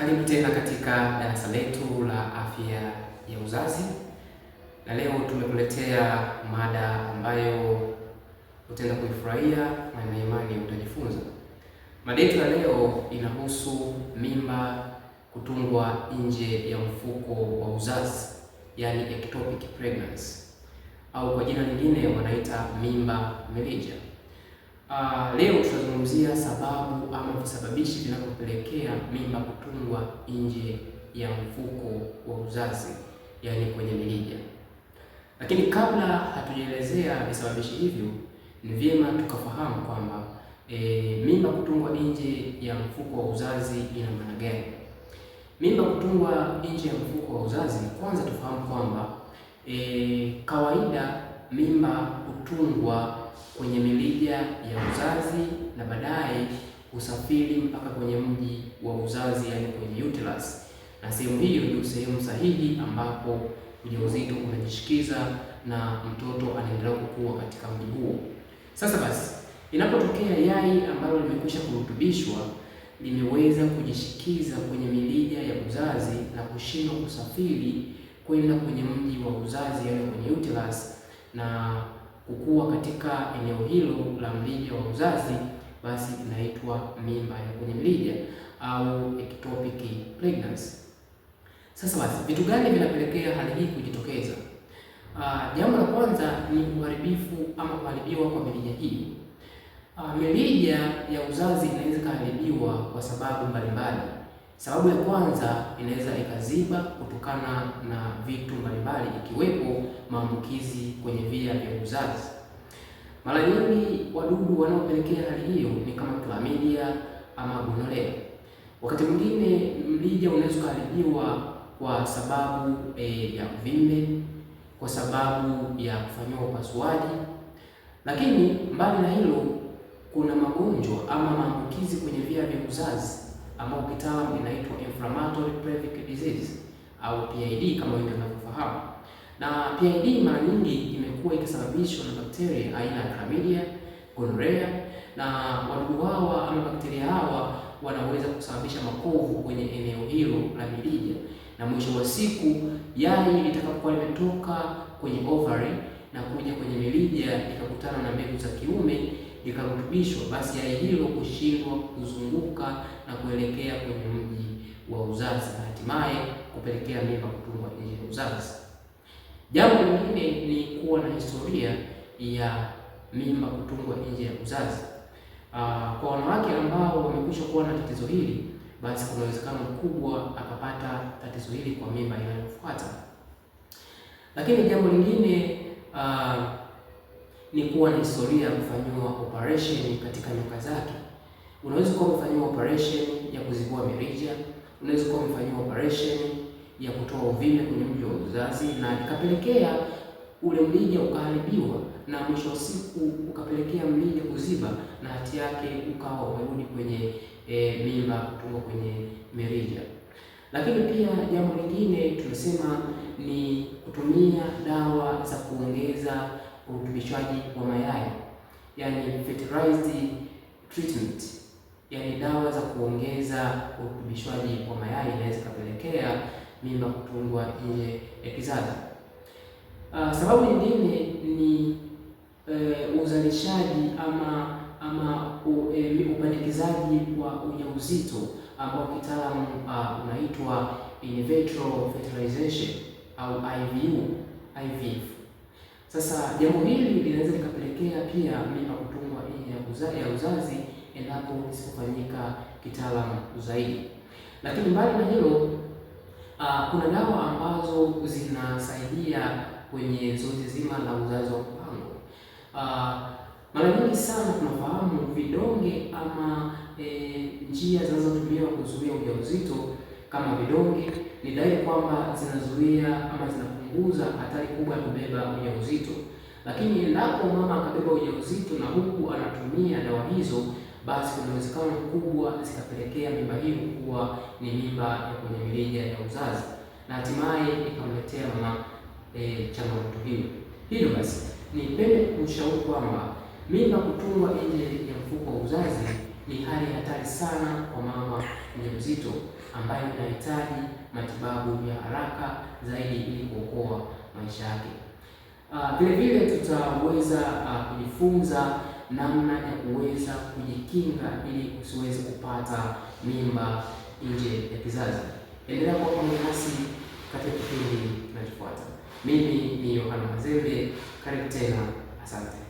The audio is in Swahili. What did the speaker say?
Karibu tena katika darasa letu la afya ya uzazi, na leo tumekuletea mada ambayo utaenda kuifurahia na nina imani utajifunza. Mada yetu ya leo inahusu mimba kutungwa nje ya mfuko wa uzazi, yaani ectopic pregnancy, au kwa jina lingine wanaita mimba mirija. Uh, leo tutazungumzia sababu ama visababishi vinavyopelekea mimba kutungwa nje ya mfuko wa uzazi, yaani kwenye mirija. Lakini kabla hatujaelezea visababishi hivyo, ni vyema tukafahamu kwamba e, mimba kutungwa nje ya mfuko wa uzazi ina maana gani? Mimba kutungwa nje ya mfuko wa uzazi, kwanza tufahamu kwamba e, kawaida mimba kutungwa kwenye mirija ya uzazi na baadaye husafiri mpaka kwenye mji wa uzazi, yani kwenye uterus, na sehemu hiyo ndio sehemu sahihi ambapo ujauzito unajishikiza na mtoto anaendelea kukua katika mji huo. Sasa basi, inapotokea yai ambalo limekwisha kurutubishwa limeweza kujishikiza kwenye mirija ya uzazi na kushindwa kusafiri kwenda kwenye mji wa uzazi, yani kwenye uterus na kukua katika eneo hilo la mlija wa uzazi, basi inaitwa mimba ya kwenye mlija au ectopic pregnancy. Sasa basi, vitu gani vinapelekea hali hii kujitokeza? Uh, jambo la kwanza ni uharibifu ama kuharibiwa kwa mirija hii. Uh, ah, mirija ya uzazi inaweza ikaharibiwa kwa sababu mbalimbali Sababu ya kwanza inaweza ikaziba kutokana na vitu mbalimbali ikiwepo maambukizi kwenye via vya uzazi. Mara nyingi wadudu wanaopelekea hali hiyo ni kama klamidia ama gonorea. Wakati mwingine mlija unaweza kuharibiwa kwa sababu e, ya uvimbe, kwa sababu ya kufanyiwa upasuaji, lakini mbali na hilo kuna magonjwa ama maambukizi kwenye via vya uzazi ambao kitaalamu inaitwa inflammatory pelvic disease au PID kama wengi wanavyofahamu. Na PID mara nyingi imekuwa ikisababishwa na bakteria aina ya Chlamydia, gonorrhea na wadudu hawa ama bakteria hawa wanaweza kusababisha makovu kwenye eneo hilo la mirija, na mwisho wa siku yai litakapokuwa limetoka kwenye ovary na kuja kwenye mirija ikakutana na mbegu za kiume ikarutubishwa basi yai hilo kushindwa kuzunguka na kuelekea kwenye mji wa uzazi na hatimaye kupelekea mimba kutungwa nje ya uzazi. Jambo lingine ni kuwa na historia ya mimba kutungwa nje ya uzazi. Aa, ah, kwa wanawake ambao wamekwisha kuwa na tatizo hili, basi kuna uwezekano mkubwa akapata tatizo hili kwa mimba inayofuata. Lakini jambo lingine ah, ni kuwa na historia ya kufanyiwa operation katika nyonga zake. Unaweza kuwa umefanyiwa operation ya kuzibua mirija, unaweza kuwa umefanyiwa operation ya kutoa uvime kwenye mji wa uzazi na ikapelekea ule mlija ukaharibiwa na mwisho wa siku ukapelekea mlija kuziba na hati yake ukawa umerudi kwenye e, mimba kutoka kwenye mirija. Lakini pia jambo lingine tunasema ni kutumia dawa za kuongeza urutubishaji wa mayai, yani fertilized treatment, yani dawa za kuongeza urutubishaji wa mayai inaweza ikapelekea mimba kutungwa nje ya kizazi. Uh, sababu nyingine ni uh, uzalishaji ama ama eh, upandikizaji wa ujauzito ambao kitaalamu uh, unaitwa in vitro fertilization au IVU IVF. Sasa jambo hili linaweza likapelekea pia mimba kutungwa nje ya uzazi, ya uzazi endapo isipofanyika kitaalamu zaidi. Lakini mbali na hilo, uh, kuna dawa ambazo zinasaidia kwenye zoezi zima la uzazi wa mpango. Uh, mara nyingi sana tunafahamu vidonge ama e, njia zinazotumiwa kuzuia ujauzito kama vidonge ni dhahiri kwamba zinazuia ama zinapunguza hatari kubwa ya kubeba ujauzito. Lakini endapo mama akabeba ujauzito na huku anatumia dawa hizo, basi kuna uwezekano mkubwa zikapelekea mimba hiyo kuwa ni mimba ya kwenye mirija ya uzazi na hatimaye ikamletea mama e, changamoto hiyo. Hivyo basi nipende kumshauri kwamba mimba kutungwa nje ya mfuko wa uzazi ni hali hatari sana kwa mama mjamzito ambaye anahitaji matibabu ya haraka zaidi ili kuokoa maisha yake. Ah, vile vile tutaweza uh, kujifunza namna ya kuweza kujikinga ili usiweze kupata mimba nje ya kizazi. Endelea kuwa pamoja nasi katika kipindi kinachofuata. Mimi ni Yohana Mazembe, karibu tena, asante.